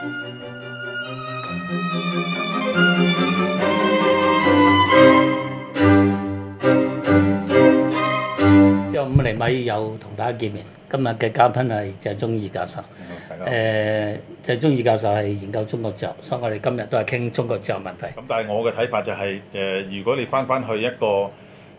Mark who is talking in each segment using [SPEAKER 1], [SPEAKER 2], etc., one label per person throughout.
[SPEAKER 1] 之後五厘米又同大家見面。今日嘅嘉賓係鄭宗義教授。誒、嗯，鄭宗、呃、義教授係研究中國哲學，所以我哋今日都係傾中國哲學問題。咁、
[SPEAKER 2] 嗯、但係我嘅睇法就係、是，誒、呃，如果你翻翻去一個誒、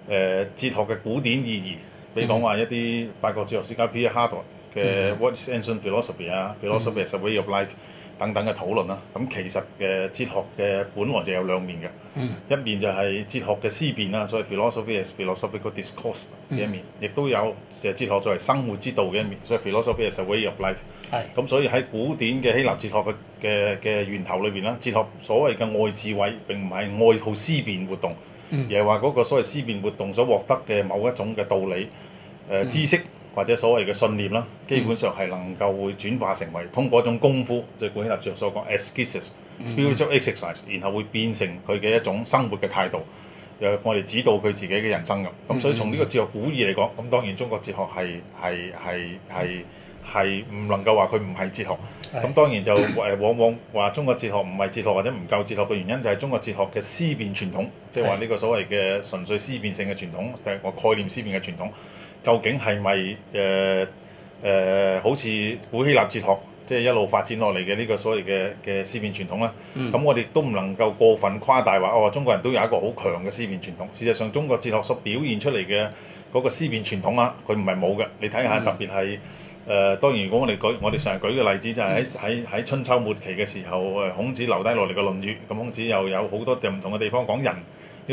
[SPEAKER 2] 呃、哲學嘅古典意義，比如講話一啲法國哲學家 Pierre Hart 嘅 What、嗯、Ancient Philosophy, Philosophy as a Way of Life。等等嘅討論啦，咁其實嘅哲學嘅本來就有兩面嘅，嗯、一面就係哲學嘅思辨啦，所謂 philosophy is philosophical discourse 嘅、嗯、一面，亦都有就係哲學作為生活之道嘅一面，所以 philosophy is a way of life 是。係。咁所以喺古典嘅希臘哲學嘅嘅嘅源頭裏邊啦，哲學所謂嘅愛智慧並唔係愛好思辨活動，嗯、而係話嗰個所謂思辨活動所獲得嘅某一種嘅道理，誒、呃、知識。嗯或者所謂嘅信念啦，基本上係能夠會轉化成為、嗯、通過一種功夫，即係古希臘所講 exercises、嗯、spiritual exercise，然後會變成佢嘅一種生活嘅態度，又我哋指導佢自己嘅人生咁。咁、嗯、所以從呢個哲學古義嚟講，咁當然中國哲學係係係係係唔能夠話佢唔係哲學。咁、嗯、當然就誒往往話中國哲學唔係哲學或者唔夠哲學嘅原因，就係、是、中國哲學嘅思辨傳統，即係話呢個所謂嘅純粹思辨性嘅傳統，定係個概念思辨嘅傳統。究竟係咪誒誒好似古希臘哲學，即係一路發展落嚟嘅呢個所謂嘅嘅思辨傳統咧？咁、嗯嗯、我哋都唔能夠過分誇大話哦，中國人都有一個好強嘅思辨傳統。事實上，中國哲學所表現出嚟嘅嗰個思辨傳統啊，佢唔係冇嘅。你睇下特別係誒、嗯呃，當然如果我哋舉、嗯、我哋成日舉嘅例子就係喺喺喺春秋末期嘅時候誒，孔子留低落嚟嘅論語，咁孔子又有好多唔同嘅地方講人呢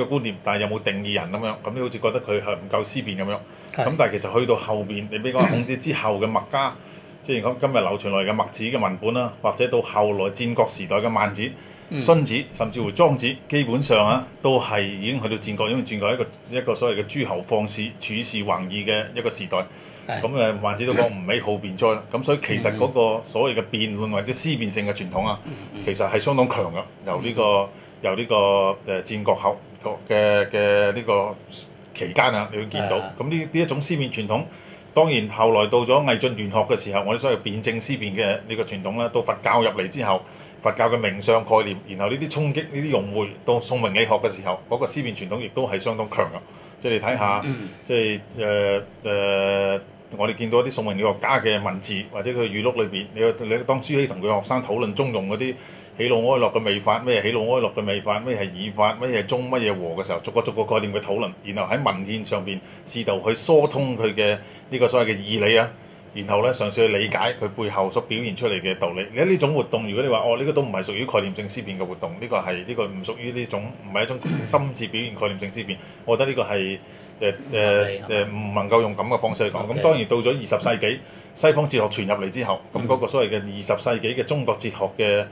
[SPEAKER 2] 個觀念，但係又冇定義人咁樣，咁你好似覺得佢係唔夠思辨咁樣。咁、嗯、但係其實去到後邊，你比如講孔子之後嘅墨家，嗯、即係講今日流傳來嘅墨子嘅文本啦，或者到後來戰國時代嘅孟子、荀、嗯、子，甚至乎莊子，基本上啊都係已經去到戰國，因為戰國係一個一個所謂嘅諸侯放肆、處士橫議嘅一個時代。咁誒，孟子都講唔喜好辯哉。咁、嗯、所以其實嗰個所謂嘅辯論或者思辨性嘅傳統啊，其實係相當強嘅。由呢個由呢個誒戰國後國嘅嘅呢個。期間啊，你會見到咁呢啲一種思辨傳統。當然後來到咗魏晉玄學嘅時候，我哋所謂辯證思辨嘅呢個傳統咧，到佛教入嚟之後，佛教嘅名相概念，然後呢啲衝擊，呢啲融會到宋明理學嘅時候，嗰、那個思辨傳統亦都係相當強啊。即係你睇下，嗯嗯、即係誒誒，我哋見到啲宋明理學家嘅文字，或者佢語錄裏邊，你你當朱熹同佢學生討論中庸嗰啲。喜怒哀樂嘅未發，咩喜怒哀樂嘅未發，咩係已發，咩係中乜嘢和嘅時候，逐個逐個概念嘅討論，然後喺文獻上邊試圖去疏通佢嘅呢個所謂嘅義理啊。然後咧，嘗試去理解佢背後所表現出嚟嘅道理。而呢種活動，如果你話哦，呢個都唔係屬於概念性思辨嘅活動，呢個係呢個唔屬於呢種，唔係一種心智表現概念性思辨。我覺得呢個係誒誒誒唔能夠用咁嘅方式去講。咁 Okay. 當然到咗二十世紀西方哲學傳入嚟之後，咁嗰個所謂嘅二十世紀嘅中國哲學嘅。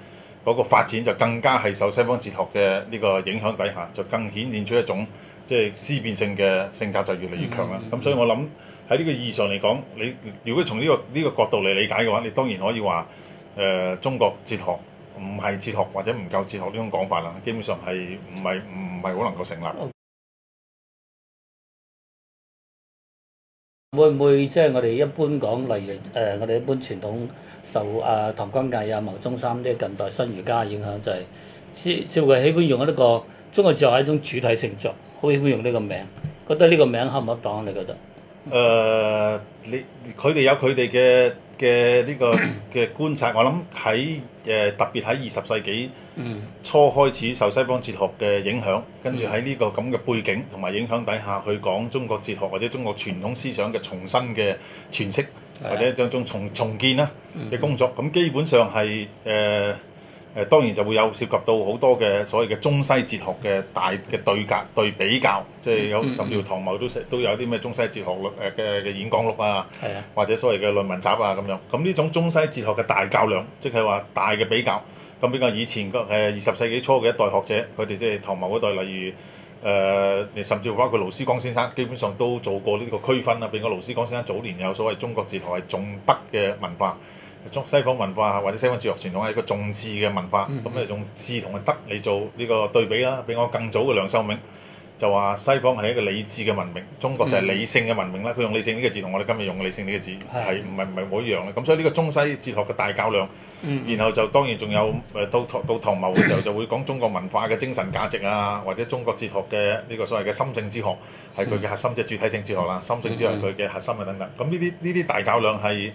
[SPEAKER 2] 嗰個發展就更加係受西方哲學嘅呢個影響底下，就更顯現出一種即係、即係、思辨性嘅性格就越嚟越強啦。咁、mm hmm. 所以我諗喺呢個意義上嚟講，你如果從呢、呢個呢、呢個角度嚟理解嘅話，你當然可以話誒、呃、中國哲
[SPEAKER 1] 學唔係哲學或者唔夠哲學呢種講法啦。基本上係唔係唔係好能夠成立。會唔會即係、就是、我哋一般講，例如誒、呃，我哋一般傳統受啊唐君毅啊牟宗三呢近代新儒家嘅影響，就係、是、似乎嘅喜歡用一、這個中國哲學係一種主體性作，好喜歡用呢個名，覺得呢個名合唔合當？你覺得？誒、
[SPEAKER 2] 呃，你佢哋有佢哋嘅。嘅呢個嘅觀察，我諗喺誒特別喺二十世紀初開始受西方哲學嘅影響，跟住喺呢個咁嘅背景同埋影響底下去講中國哲學或者中國傳統思想嘅重新嘅詮釋，或者將種重重建啦嘅工作，咁基本上係誒。呃誒當然就會有涉及到好多嘅所謂嘅中西哲學嘅大嘅對格對比較，即係有甚至唐牟都都有啲咩中西哲學誒嘅嘅演講錄啊，的或者所謂嘅論文集啊咁樣。咁、嗯、呢種中西哲學嘅大較量，即係話大嘅比較，咁比較以前個誒二十世紀初嘅一代學者，佢哋即係唐牟嗰代，例如誒、呃、甚至包括勞思光先生，基本上都做過呢個區分啊。比較勞思光先生早年有所謂中國哲學係重德嘅文化。中西方文化或者西方哲學傳統係一個重智嘅文化，咁你用智同埋德嚟做呢個對比啦。比我更早嘅梁漱溟就話西方係一個理智嘅文明，中國就係理性嘅文明啦。佢、嗯、用理性呢個字同我哋今日用嘅理性呢個字係唔係唔係冇一樣咧？咁所以呢個中西哲學嘅大較量，嗯、然後就當然仲有誒到，到，到唐到唐牟嘅時候就會講中國文化嘅精神價值啊，或者中國哲學嘅呢、這個所謂嘅心性哲學係佢嘅核心嘅、嗯、主體性哲學啦，心性哲學佢嘅核心啊等等。咁呢啲呢啲大較量係。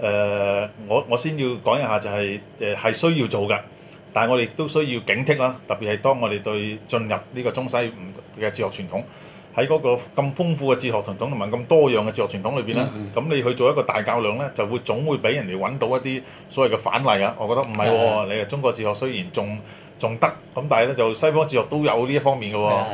[SPEAKER 2] 誒、呃，我我先要講一下就係誒係需要做嘅，但係我哋都需要警惕啦。特別係當我哋對進入呢個中西唔嘅哲學傳統，喺嗰個咁豐富嘅哲學傳統同埋咁多樣嘅哲學傳統裏邊咧，咁、嗯嗯、你去做一個大教量咧，就會總會俾人哋搵到一啲所謂嘅反例啊。我覺得唔係喎，哦、的你嘅中國哲學雖然仲仲得咁，但係咧就西方哲學都有呢一方面嘅喎、哦，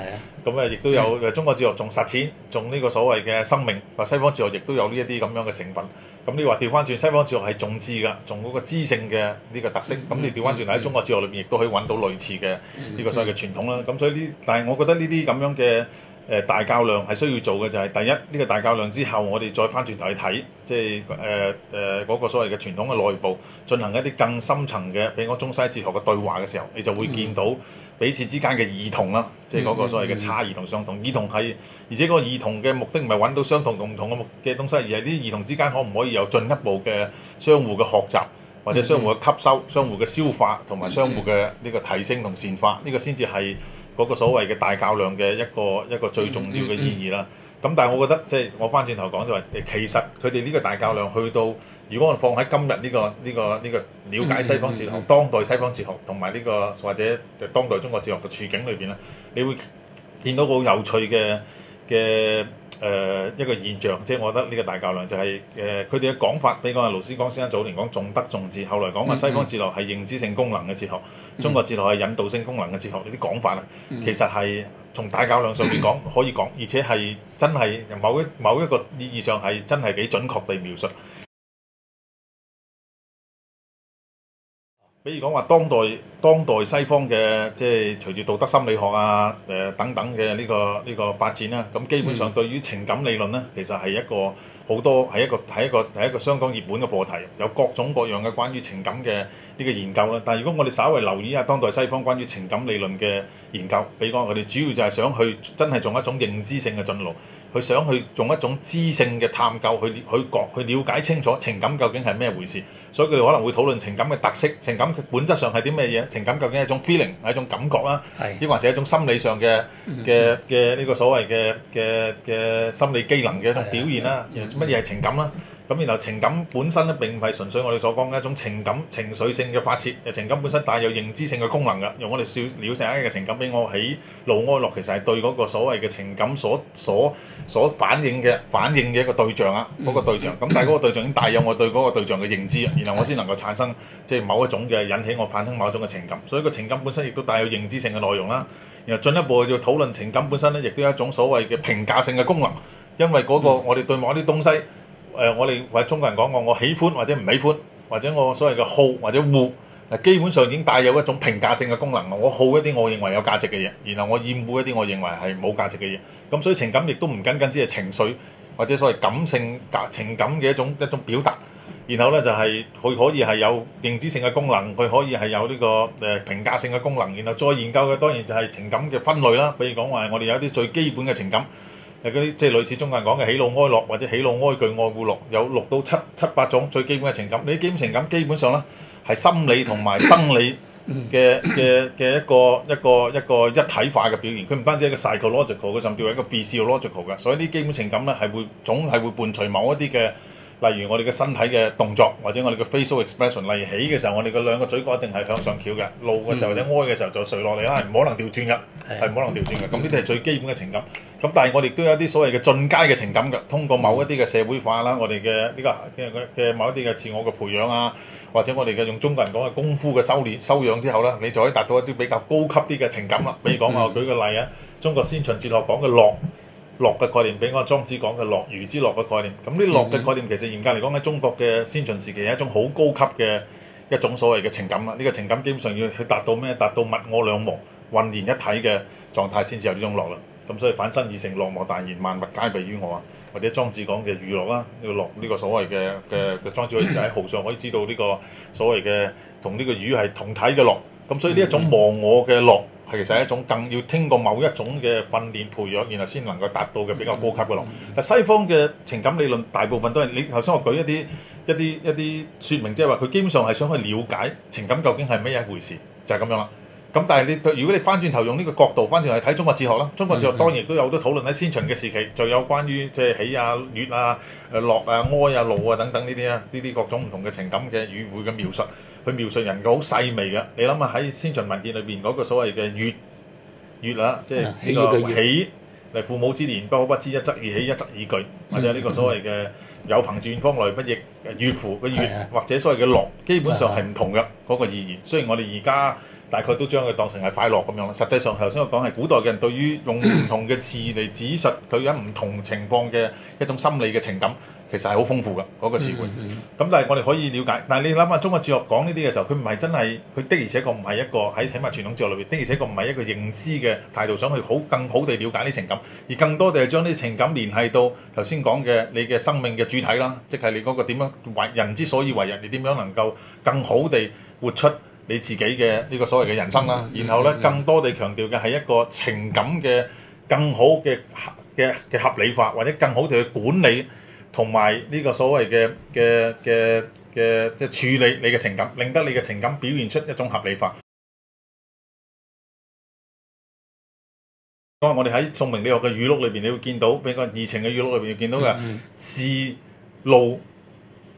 [SPEAKER 2] 咁誒亦都有的、嗯、中國哲學仲實踐仲呢個所謂嘅生命，或西方哲學亦都有呢一啲咁樣嘅成分。咁你話掉返轉，西方哲學係重知㗎，重嗰個知性嘅呢個特色。咁你掉返轉喺中國哲學裏邊，亦都可以揾到類似嘅呢個所謂嘅傳統啦。咁所以呢，但係我覺得呢啲咁樣嘅。誒大較量係需要做嘅，就係、係、第一呢、呢個大較量之後，我哋再翻轉頭去睇，即係誒誒嗰個所謂嘅傳統嘅內部進行一啲更深層嘅，比如講中西哲學嘅對話嘅時候，你就會見到彼此之間嘅異同啦，嗯、即係嗰個所謂嘅差異同相同異同係，而且嗰個異同嘅目的唔係揾到相同同唔同嘅嘅東西，而係啲異同之間可唔可以有進一步嘅相互嘅學習或者相互嘅吸收、相互嘅消化同埋相互嘅呢個提升同善化，呢、呢個先至係。嗰個所謂嘅大教量嘅一個一個最重要嘅意義啦，咁但係我覺得即係我翻轉頭講就係，其實佢哋呢個大教量去到，如果我放喺今日呢個呢個呢個瞭解西方哲學、當代西方哲學同埋呢個或者當代中國哲學嘅處境裏邊咧，你會見到個有趣嘅嘅。誒、呃、一個現象，即係我覺得呢個大教量就係誒佢哋嘅講法，比如講啊，勞思光先生早年講重德重智，後來講啊西方哲學係認知性功能嘅哲學，中國哲學係引導性功能嘅哲學，呢啲講法啊，其實係從大教量上面講可以講，而且係真係某一某一個意義上係真係幾準確地描述。比如講話當代當代西方嘅即係隨住道德心理學啊誒、呃、等等嘅呢、這個呢、這個發展啦，咁基本上對於情感理論咧，其實係一個好、嗯、多係一個係一個係一,一個相當熱門嘅課題，有各種各樣嘅關於情感嘅呢、這個研究啦。但係如果我哋稍為留意下當代西方關於情感理論嘅研究，比如講我哋主要就係想去真係做一種認知性嘅進路。佢想去用一種知性嘅探究去去覺去了解清楚情感究竟係咩回事，所以佢哋可能會討論情感嘅特色、情感嘅本質上係啲咩嘢、情感究竟係一種 feeling 係一種感覺啦，亦的還是一種心理上嘅嘅嘅呢個所謂嘅嘅嘅心理機能嘅一種表現啦，乜嘢係情感啦？嗯嗯嗯咁然後情感本身咧並唔係純粹我哋所講嘅一種情感情緒性嘅發泄，情感本身，帶有認知性嘅功能㗎。用我哋少了解嘅情感俾我喺怒哀樂，其實係對嗰個所謂嘅情感所所所反映嘅反應嘅一個對象啊，嗰、那個對象。咁但係嗰個對象已經帶有我對嗰個對象嘅認知然後我先能夠產生即係、就是、某一種嘅引起我產生某種嘅情感。所以個情感本身亦都帶有認知性嘅內容啦。然後進一步要討論情感本身咧，亦都有一種所謂嘅評價性嘅功能，因為嗰、那個我哋對某啲東西。誒、呃，我哋或者中國人講講，我喜歡或者唔喜歡，或者我所謂嘅好或者惡，基本上已經帶有一種評價性嘅功能。我好一啲，我認為有價值嘅嘢，然後我厭惡一啲，我認為係冇價值嘅嘢。咁所以情感亦都唔僅僅只係情緒或者所謂感性、情感嘅一種一種表達。然後咧就係、是、佢可以係有認知性嘅功能，佢可以係有呢、這個誒評價性嘅功能。然後再研究嘅當然就係情感嘅分類啦。比如講話，我哋有啲最基本嘅情感。誒啲即係類似中間講嘅喜怒哀樂，或者喜怒哀懼愛惡樂，有六到七七八種最基本嘅情感。你基本情感基本上咧係心理同埋生理嘅嘅嘅一個一個一個一體化嘅表現。佢唔單止係一個 psychological，嘅，甚至乎係一個 physiological 嘅。所以啲基本情感咧係會總係會伴隨某一啲嘅。例如我哋嘅身體嘅動作，或者我哋嘅 facial expression，例如喜嘅時候，我哋嘅兩個嘴角一定係向上翹嘅；怒嘅時候或者哀嘅時候就垂落嚟啦，係唔可能調轉嘅，嗯，係唔可能調轉嘅。咁呢啲係最基本嘅情感。咁但係我哋亦都有一啲所謂嘅進階嘅情感㗎，通過某一啲嘅社會化啦，我哋嘅呢個嘅某一啲嘅自我嘅培養啊，或者我哋嘅用中國人講嘅功夫嘅修練、修養之後咧，你就可以達到一啲比較高級啲嘅情感啦。比如講我、嗯、舉個例啊，中國先秦哲學講嘅樂。樂嘅概念，俾我莊子講嘅樂，魚之樂嘅概念。咁呢樂嘅概念，mm hmm. 其實嚴格嚟講喺中國嘅先秦時期係一種好高級嘅一種所謂嘅情感啦。呢、這個情感基本上要去達到咩？達到物我兩忘、混然一體嘅狀態先至有呢種樂啦。咁所以反身而誠，樂莫大焉，萬物皆備於我啊，或者莊子講嘅魚樂啦，呢個樂，呢個所謂嘅嘅嘅莊子就喺濠上可以知道呢個所謂嘅同呢個魚係同體嘅樂。咁所以呢一種忘我嘅樂。Mm hmm. mm hmm. 係其實係一種更要經過某一種嘅訓練培養，然後先能夠達到嘅比較高級嘅咯。西方嘅情感理論大部分都係你頭先我舉一啲一啲一啲説明，即係話佢基本上係想去了解情感究竟係咩一回事，就係咁樣啦。咁但係你，如果你翻轉頭用呢個角度，翻轉去睇中國哲學啦，中國哲學當然都有好多討論喺先秦嘅時期，就有關於即係喜啊、悅啊、誒樂啊、哀啊、怒啊等等呢啲啊，呢啲各種唔同嘅情感嘅語匯嘅描述，去描述人嘅好細微嘅。你諗下喺先秦文獻裏邊嗰個所謂嘅悅，悅啦、啊，即係呢個喜，係父母之年不可不知，一則以喜，一則以懼，或者呢個所謂嘅有朋自遠方來不亦悅乎嘅悅，或者所謂嘅樂，基本上係唔同嘅嗰個意義。的雖然我哋而家大概都將佢當成係快樂咁樣啦。實際上頭先我講係古代嘅人對於用唔同嘅詞嚟指述佢有唔同情況嘅一種心理嘅情感，其實係好豐富㗎嗰、嗰個詞彙。咁、嗯嗯、但係我哋可以了解，但係你諗下，中國哲學講呢啲嘅時候，佢唔係真係佢的而且確唔係一個喺起碼傳統哲學裏邊的而且確唔係一個認知嘅態度，想去好更好地了解呢情感，而更多地係將啲情感聯繫到頭先講嘅你嘅生命嘅主體啦，即係你嗰個點樣為人之所以為人，你點樣能夠更好地活出。你自己嘅呢、這個所謂嘅人生啦，嗯、然後咧、嗯、更多地強調嘅係一個情感嘅、嗯、更好嘅嘅嘅合理化，或者更好地去管理同埋呢個所謂嘅嘅嘅嘅即係處理你嘅情感，令得你嘅情感表現出一種合理化。因、嗯嗯、我哋喺宋明理學嘅語錄裏邊，你會見到，譬如講二程嘅語錄裏邊見到嘅仕、嗯嗯、路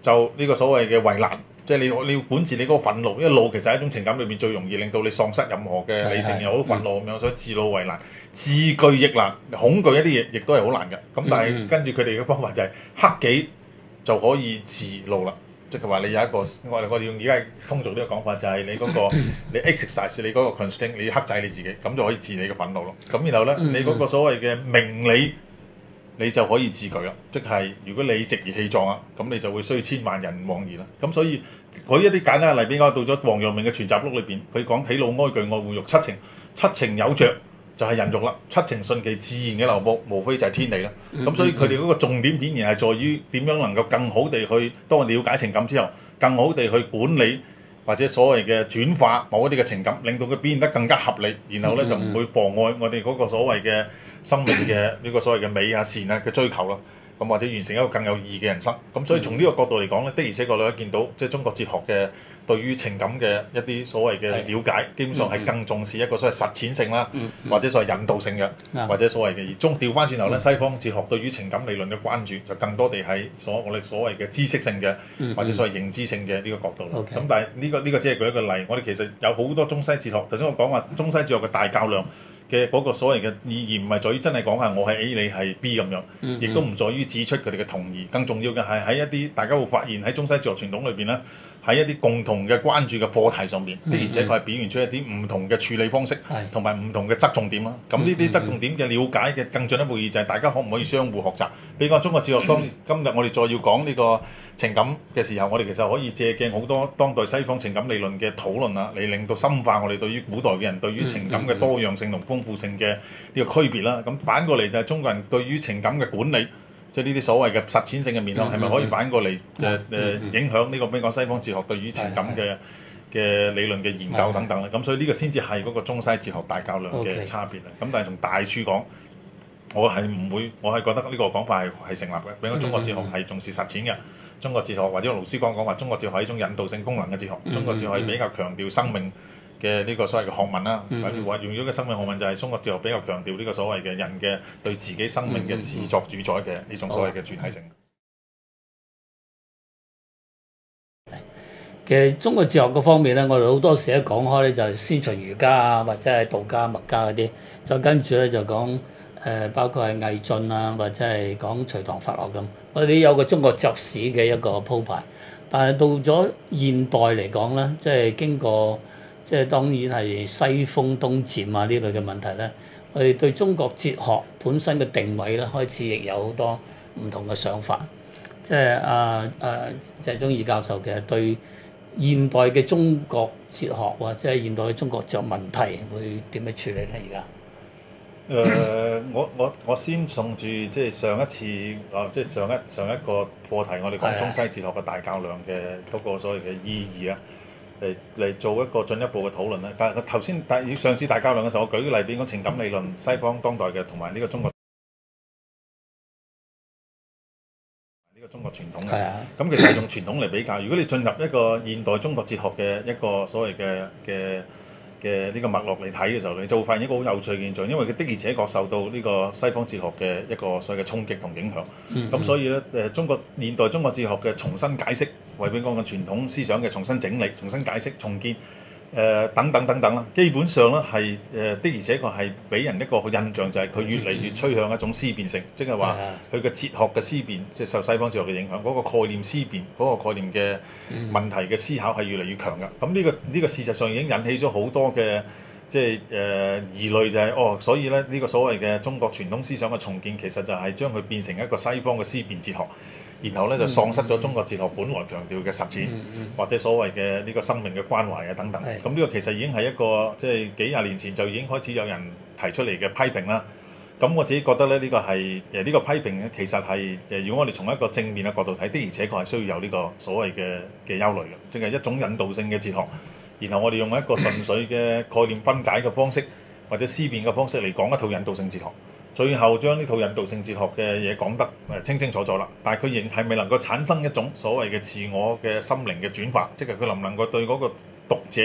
[SPEAKER 2] 就呢個所謂嘅為難。即係你你要管治你嗰個憤怒，因為怒其實係一種情感裏面最容易令到你喪失任何嘅理性又好憤怒咁樣，所以治怒為難，治懼亦難，恐懼一啲嘢亦都係好難嘅。咁但係跟住佢哋嘅方法就係克己就可以治怒啦，即係話你有一個我哋我哋用而家通俗呢個講法就係你嗰個你 exercise 你嗰個 constraint，你要剋制你自己，咁就可以治你嘅憤怒咯。咁然後咧，你嗰個所謂嘅明理。你就可以自舉啦，即係如果你直而氣壯啊，咁你就會需要千萬人吾往矣啦。咁所以舉一啲簡單嘅例邊講，到咗王陽明嘅全集錄裏邊，佢講喜怒哀懼愛惡欲七情，七情有著就係、是、人欲啦。七情順其自然嘅流布，無非就係天理啦。咁、嗯、所以佢哋嗰個重點顯然係在於點樣能夠更好地去當我哋了解情感之後，更好地去管理或者所謂嘅轉化某一啲嘅情感，令到佢表現得更加合理，然後咧就唔會妨礙我哋嗰個所謂嘅。生命嘅呢個所謂嘅美啊善啊嘅追求啦、啊，咁或者完成一個更有意義嘅人生，咁所以從呢個角度嚟講咧，嗯、的而且確你可以見到即係、就是、中國哲學嘅對於情感嘅一啲所謂嘅瞭解，的基本上係更重視一個所謂實踐性啦、啊，嗯嗯、或者所謂引導性嘅，嗯嗯、或者所謂嘅而中調返轉頭咧，西方哲學對於情感理論嘅關注就更多地係所我哋所謂嘅知識性嘅，或者所謂認知性嘅呢個角度啦。咁但係呢個呢、這個只係舉一個例，我哋其實有好多中西哲學，頭先我講話中西哲學嘅大較量。嘅嗰個所謂嘅意義唔係在於真係講下我係 A，你係 B 咁樣，亦、嗯嗯、都唔在於指出佢哋嘅同異。更重要嘅係喺一啲大家會發現喺中西哲學傳統裏邊咧，喺一啲共同嘅關注嘅課題上面，的、嗯嗯，而且佢係表現出一啲唔同嘅處理方式，是同埋唔同嘅側重點啦。咁呢啲側重點嘅了解嘅更進一步意就係大家可唔可以相互學習？比如講中國哲學當、嗯嗯、今日我哋再要講呢個情感嘅時候，我哋其實可以借鏡好多當代西方情感理論嘅討論啦，嚟令到深化我哋對於古代嘅人對於情感嘅多樣性同。豐富性嘅呢個區別啦，咁反過嚟就係中國人對於情感嘅管理，即係呢啲所謂嘅實踐性嘅面向，係咪可以反過嚟誒誒影響呢、呢個？比如講西方哲學對於情感嘅嘅、mm hmm. 理論嘅研究等等咧，咁、mm hmm. 所以呢個先至係嗰個中西哲學大較量嘅差別啊。咁 Okay. 但係從大處講，我係唔會，我係覺得呢個講法係係成立嘅。比如講中國哲學係重視實踐嘅，中國哲學或者老師講講話中國哲學係一種引導性功能嘅哲學，mm hmm. 中國哲學係比較強調生命。嘅呢個所謂嘅學問啦，或者用咗個生命學問，就係中國哲學比較強調呢個所謂嘅人嘅對自己生命嘅自作主宰嘅呢種所謂嘅主體性。Mm hmm.
[SPEAKER 1] 其實中國哲學嘅方面咧，我哋好多時一講開咧，就係先秦儒家啊，或者係道家、墨家嗰啲，再跟住咧就講誒、呃、包括係魏晉啊，或者係講隋唐佛學咁，我哋有個中國哲學史嘅一個鋪排。但係到咗現代嚟講咧，即係經過。即係當然係西風東漸啊呢類嘅問題咧，我哋對中國哲學本身嘅定位咧，開始亦有好多唔同嘅想法。即係啊啊鄭宗義教授其實對現代嘅中國哲學或者係現代嘅中國哲學問題會點樣處理咧？而家誒，
[SPEAKER 2] 我我我先順住即係上一次啊，即係上一上一個課題，我哋講中西哲學嘅大較量嘅嗰的個所謂嘅意義啊。嚟嚟做一個進一步嘅討論咧，但係頭先但係上次大交流嘅時候，我舉個例，譬如情感理論，西方當代嘅同埋呢個中國呢個中國傳統嘅。係啊。咁其實用傳統嚟比較，如果你進入一個現代中國哲學嘅一個所謂嘅嘅嘅呢個脈絡嚟睇嘅時候，你就會發現一個好有趣嘅現象，因為佢的而且確受到呢個西方哲學嘅一個所謂嘅衝擊同影響。咁、嗯嗯、所以咧，誒中國現代中國哲學嘅重新解釋。為本個嘅傳統思想嘅重新整理、重新解釋、重建，誒、呃、等等等等啦，基本上咧係誒的而且確係俾人一個印象就係、是、佢越嚟越趨向一種思辨性，即係話佢嘅哲學嘅思辨，即、就、係、是、受西方哲學嘅影響，嗰、那個概念思辨，嗰、那個概念嘅問題嘅思考係越嚟越強噶。咁呢、這個呢、這個事實上已經引起咗好多嘅即係誒疑慮、就是，就係哦，所以咧呢、這個所謂嘅中國傳統思想嘅重建，其實就係將佢變成一個西方嘅思辨哲學。然後咧就喪失咗中國哲學本來強調嘅實踐，嗯嗯嗯、或者所謂嘅呢個生命嘅關懷啊等等。咁呢、嗯嗯、個其實已經係一個即係、就是、幾廿年前就已經開始有人提出嚟嘅批評啦。咁我自己覺得咧呢、這個係誒呢個批評其實係誒如果我哋從一個正面嘅角度睇，的而且確係需要有呢個所謂嘅嘅憂慮嘅，即係、就是、一種引導性嘅哲學。然後我哋用一個純粹嘅概念分解嘅方式，或者思辨嘅方式嚟講一套引導性哲學。最後將呢套引導性哲學嘅嘢講得誒清清楚楚啦，但係佢仍係未能夠產生一種所謂嘅自我嘅心靈嘅轉化，即係佢能唔能夠對嗰個讀者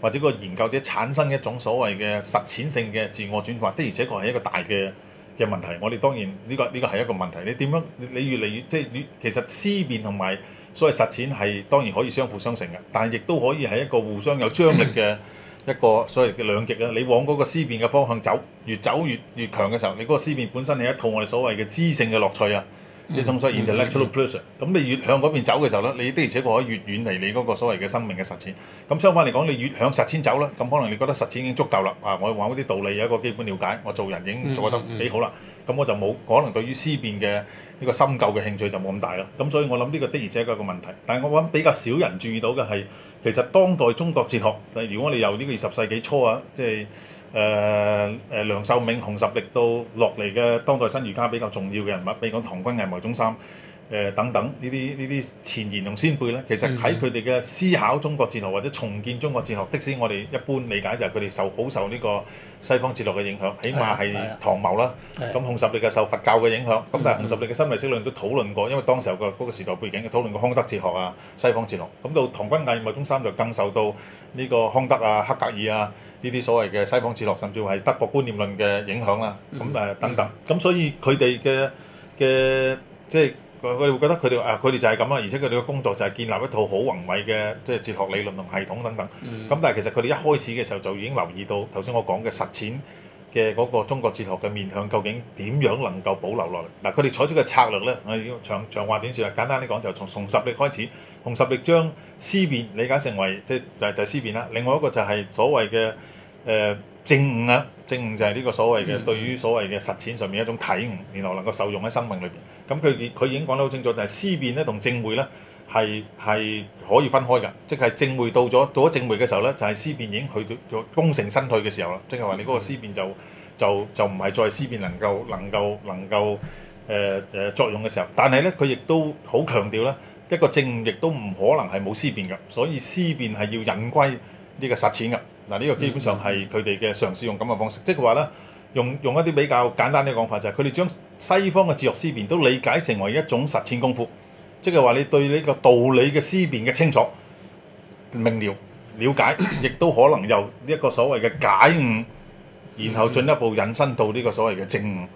[SPEAKER 2] 或者個研究者產生一種所謂嘅實踐性嘅自我轉化，的而且確係一個大嘅嘅問題。我哋當然呢、這個呢、這個係一個問題，你點樣你越嚟越即係其實思辨同埋所謂實踐係當然可以相輔相成嘅，但係亦都可以係一個互相有張力嘅。 一個所謂嘅兩極啦，你往嗰個思辨嘅方向走，越走越越強嘅時候，你嗰個思辨本身係一套我哋所謂嘅知性嘅樂趣啊，一
[SPEAKER 1] 種、mm hmm. 所謂 intellectual
[SPEAKER 2] pleasure、mm。咁、hmm. 嗯、你越向嗰邊走嘅時候咧，你的而且確可以越遠離你嗰個所謂嘅生命嘅實踐。咁、嗯、相反嚟講，你越向實踐走咧，咁、嗯、可能你覺得實踐已經足夠啦。啊，我話嗰啲道理有一個基本了解，我做人已經做得幾好啦。咁、mm hmm. 嗯、我就冇可能對於思辨嘅，呢個深究嘅興趣就冇咁大咯，咁所以我諗呢個的而且確一個問題，但係我諗比較少人注意到嘅係，其實當代中國哲學，就係、是、如果你由呢個二十世紀初啊，即係誒誒梁漱溟、熊十力到落嚟嘅當代新儒家比較重要嘅人物，比如講唐君毅為中心。誒等等呢啲呢啲前賢同先輩咧，其實喺佢哋嘅思考中國哲學或者重建中國哲學的時，我哋一般理解就係佢哋受好受呢個西方哲學嘅影響，起碼係唐牟啦，咁熊十力嘅受佛教嘅影響，咁但係熊十力嘅新唯識論都討論過，因為當時候個嗰個時代背景討論過康德哲學啊、西方哲學，咁到唐君毅、牟宗三就更受到呢個康德啊、黑格爾啊呢啲所謂嘅西方哲學，甚至係德國觀念論嘅影響啦，咁誒等等，咁所以佢哋嘅嘅即係。佢哋會覺得佢哋誒，佢、啊、哋就係咁啦，而且佢哋嘅工作就係建立一套好宏偉嘅即係哲學理論同系統等等。咁、嗯、但係其實佢哋一開始嘅時候就已經留意到頭先我講嘅實踐嘅嗰個中國哲學嘅面向究竟點樣能夠保留落嚟嗱？佢、啊、哋採取嘅策略咧，我要長長話短說啊，簡單啲講就從熊十力開始，熊十力將思辨理解成為即係就係、是、就係、是、思辨啦。另外一個就係所謂嘅誒。呃證悟啊，證悟就係呢個所謂嘅、嗯、對於所謂嘅實踐上面一種體悟，然後能夠受用喺生命裏邊。咁佢佢已經講得好清楚，就係思辨咧同證會咧係係可以分開㗎，即係證會到咗到咗證會嘅時候咧，就係、是、思辨已經去到功成身退嘅時候啦，即係話你嗰個思辨就、嗯、就就唔係再思辨能夠能夠能夠誒誒作用嘅時候。但係咧，佢亦都好強調咧，一個證悟亦都唔可能係冇思辨㗎，所以思辨係要引歸呢個實踐㗎。嗱，呢個基本上係佢哋嘅嘗試用咁嘅方式，即係話咧，用用一啲比較簡單啲講法就係，佢哋將西方嘅哲學思辨都理解成為一種實踐功夫，即係話你對呢個道理嘅思辨嘅清楚明瞭瞭解，亦都可能由呢一個所謂嘅解悟，然後進一步引申到呢個所謂嘅證悟。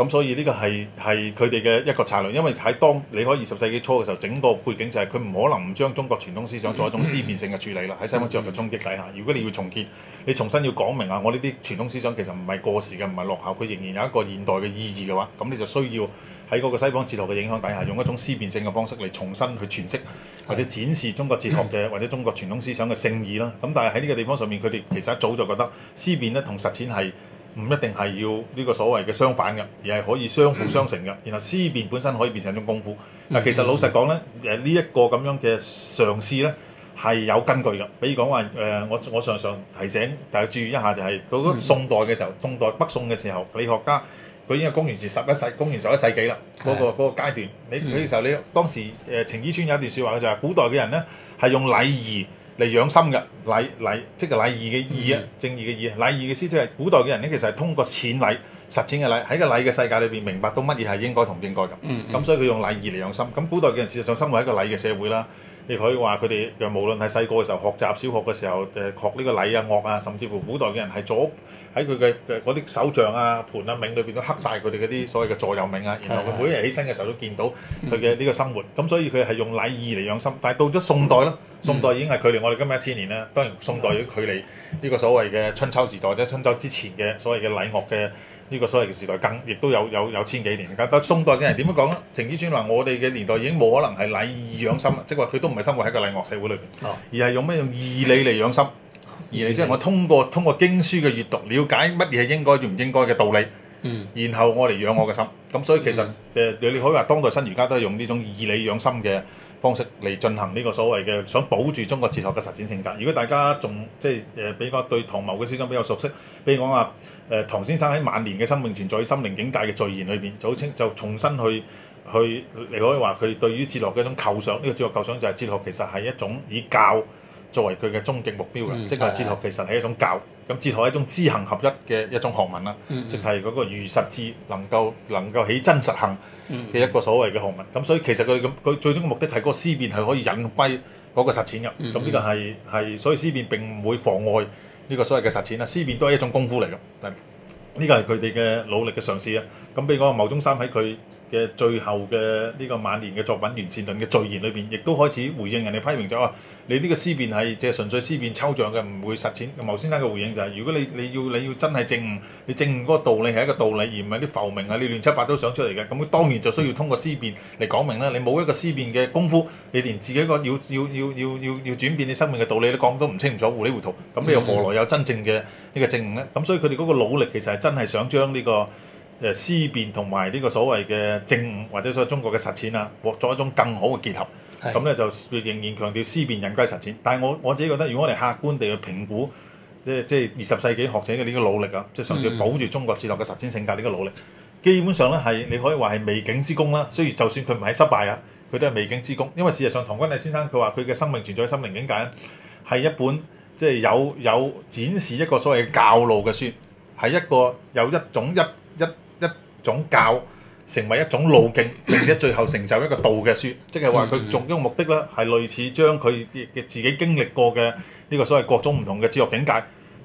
[SPEAKER 2] 咁所以呢個係係佢哋嘅一個策略，因為喺當你喺二十世紀初嘅時候，整個背景就係佢唔可能唔將中國傳統思想做一種思辨性嘅處理啦。喺 西方哲學嘅衝擊底下，如果你要重建，你重新要講明啊，我呢啲傳統思想其實唔係過時嘅，唔係落後，佢仍然有一個現代嘅意義嘅話，咁你就需要喺嗰個西方哲學嘅影響底下，用一種思辨性嘅方式嚟重新去詮釋或者展示中國哲學嘅 或者中國傳統思想嘅聖意啦。咁但係喺呢個地方上面，佢哋其實一早就覺得思辨咧同實踐係唔一定係要呢個所謂嘅相反嘅，而係可以相輔相成嘅。然後思辨本身可以變成一種功夫。
[SPEAKER 1] 嗱，其實老實
[SPEAKER 2] 講咧，誒呢一個咁樣嘅嘗試咧係有根據嘅。比如講話誒，我我常常提醒，大家注意一下就係嗰個宋代嘅時候，宋代北宋嘅時候，理學家佢已經係公元前十一世，公元十一世紀啦。嗰個嗰個階段，你嗰時候你當時誒程伊川有一段説話，佢就係古代嘅人咧係用禮儀，嚟養心嘅禮禮，即係禮義嘅義啊，正義嘅義啊，禮義嘅意思想係古代嘅人咧，其實係通過踐禮實踐嘅禮，喺個禮嘅世界裏邊，明白到乜嘢係應該同唔應該咁，咁、嗯嗯、所以佢用禮義嚟養心。咁古代嘅人事實上生活喺一個禮嘅社會啦。你可以話佢哋，無論係細個嘅時候學習，小學嘅時候誒學呢個禮啊樂啊，甚至乎古代嘅人係咗喺佢嘅嗰啲手像啊盤啊銘裏邊都刻晒佢哋嗰啲所謂嘅座右銘啊，然後佢每一日起身嘅時候都見到佢嘅呢個生活，咁 所以佢係用禮儀嚟養生。但係到咗宋代咯，宋代已經係距離我哋今日一千年啦。當然宋代已經距離呢個所謂嘅春秋時代，即係春秋之前嘅所謂嘅禮樂嘅。呢個所謂嘅時代，更亦都有有有千幾年。咁但係宋代嘅人點樣講咧？程伊川話：我哋嘅年代已經冇可能係禮義養心，即係話佢都唔係生活喺個禮樂社會裏面，哦、而係用咩用義理嚟養心，而即係我通過通過經書嘅閱讀，了解乜嘢應該用唔應該嘅道理。嗯，然後我嚟養我嘅心。咁所以其實誒、嗯，你你可以話當代新儒家都係用呢種義理養心嘅。方式嚟進行呢個所謂嘅想保住中國哲學嘅實踐性格。如果大家仲即係誒、呃、比較對唐牟嘅思想比較熟悉，比如講啊誒唐先生喺晚年嘅生命存在與心靈境界嘅序言裏邊，就好清就重新去去你可以話佢對於哲學嘅一種構想，呢、這個哲學構想就係哲學其實係一種以教。作為佢嘅終極目標嘅，嗯、即係哲學其實係一種教，咁、嗯、哲學係一種知行合一嘅一種學問啦，嗯嗯、即係嗰個如實知能夠能夠起真實行嘅一個所謂嘅學問。咁、嗯嗯、所以其實佢咁佢最終嘅目的係嗰個思辨係可以引歸嗰個實踐嘅。咁呢個係係所以思辨並唔會妨礙呢個所謂嘅實踐啦。思辨都係一種功夫嚟嘅。但呢個係佢哋嘅努力嘅嘗試啊！咁比如講，牟宗三喺佢嘅最後嘅呢個晚年嘅作品《圓善論》嘅序言裏邊，亦都開始回應人哋批評咗、就係：啊「係：你呢個思辨係即係純粹思辨抽象嘅，唔會實踐。牟先生嘅回應就係、是：如果你你要你要真係證悟，你證悟嗰個道理係一個道理，而唔係啲浮名啊，你亂七八糟想出嚟嘅。咁佢當然就需要通過思辨嚟講明啦。你冇一個思辨嘅功夫，你連自己個要要要要要要轉變你生命嘅道理，都講都唔清唔楚，糊里糊塗。咁你又何來有真正嘅呢個證悟咧？咁所以佢哋嗰個努力其實係。真係想將呢個誒思辨同埋呢個所謂嘅正或者所謂中國嘅實踐啊，獲咗一種更好嘅結合，咁咧的就仍然強調思辨引歸實踐。但係我我自己覺得，如果我哋客觀地去評估，即係即係二十世紀學者嘅呢個努力啊，即係嘗試保住中國哲學嘅實踐性格呢個努力，嗯、基本上咧係你可以話係未竟之功啦。雖然就算佢唔係失敗啊，佢都係未竟之功。因為事實上，唐君毅先生佢話佢嘅生命存在與心靈境界係一本即係、就是、有有，有展示一個所謂教路嘅書。係一個有一種一一一種教成為一種路徑，並且最後成就一個道嘅書，即係話佢最終目的咧，係類似將佢嘅自己經歷過嘅呢個所謂各種唔同嘅哲學境界，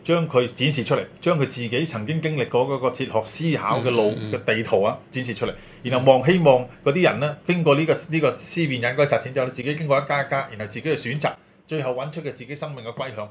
[SPEAKER 2] 將佢展示出嚟，將佢自己曾經經歷過嗰個哲學思考嘅路嘅地圖啊展示出嚟，然後望希望嗰啲人咧，經過呢個呢個思辨引歸實踐
[SPEAKER 1] 之後，自己經過一家一家，然後自己去選擇，最後揾出嘅自己生命嘅歸向。